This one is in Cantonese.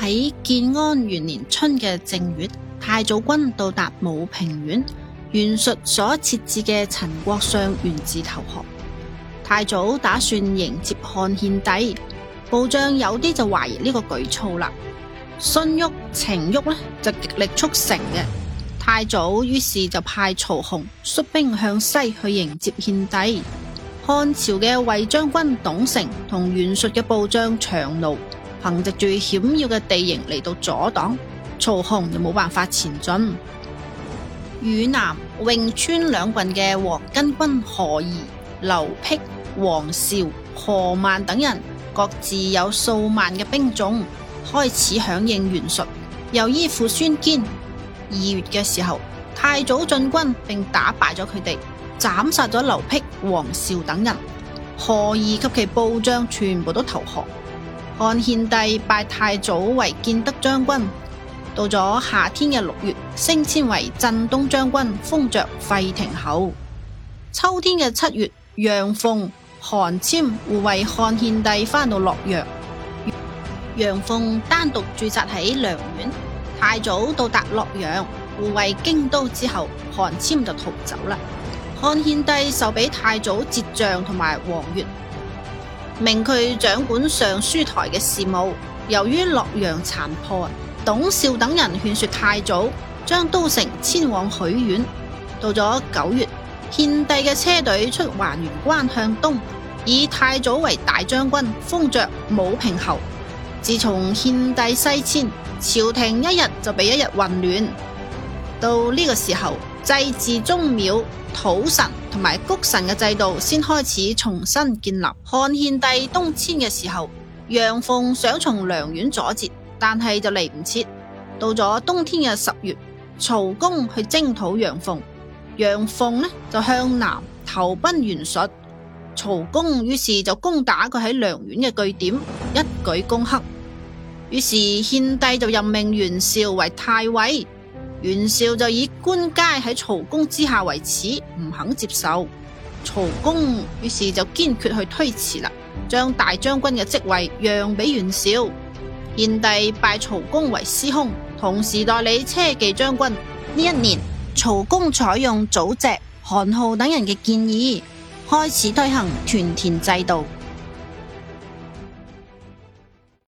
喺建安元年春嘅正月，太祖軍到達武平縣，袁術所設置嘅陳國相袁嗣投降。太祖打算迎接漢獻帝，部將有啲就懷疑呢個舉措啦。荀彧程昱咧就極力促成嘅，太祖於是就派曹洪率兵向西去迎接獻帝。漢朝嘅衛將軍董承同袁術嘅部將苌奴。憑借最險要嘅地形嚟到阻擋曹洪，又冇辦法前進。汝南、潁川兩郡嘅黃巾軍何儀、劉辟、黃邵、何曼等人，各自有數萬嘅兵種，開始響應袁術，又依附孫堅。二月嘅時候，太祖進軍並打敗咗佢哋，斬殺咗劉辟、黃邵等人，何儀及其部將全部都投降。漢獻帝拜太祖為建德將軍，到咗夏天嘅六月，升遷為鎮東將軍，封爵廢亭侯。秋天嘅七月，楊奉、韓謙護衛漢獻帝返到洛陽，楊奉單獨駐紮喺梁縣，太祖到達洛陽護衛京都之後，韓謙就逃走啦。漢獻帝受俾太祖節將同埋王越。命佢掌管尚書台嘅事務。由於洛陽殘破，董少等人勸說太祖將都城遷往許縣。到咗九月，獻帝嘅車隊出轘轅關向東，以太祖為大將軍，封爵武平侯。自從獻帝西遷，朝廷一日就比一日混亂。到呢個時候，祭祀宗廟、土神同埋穀神嘅制度先開始重新建立。漢獻帝東遷嘅時候，楊鳳想從梁縣阻截，但係就嚟唔切。到咗冬天嘅十月，曹公去征討楊鳳，楊鳳呢就向南投奔袁術。曹公於是就攻打佢喺梁縣嘅據點，一舉攻克。於是獻帝就任命袁紹為太尉。袁紹就以官階喺曹公之下為恥，唔肯接受。曹公於是就堅決去推辭啦，將大將軍嘅職位讓俾袁紹。獻帝拜曹公為司空，同時代理車騎將軍。呢一年，曹公採用祖籍、韓浩等人嘅建議，開始推行屯田制度。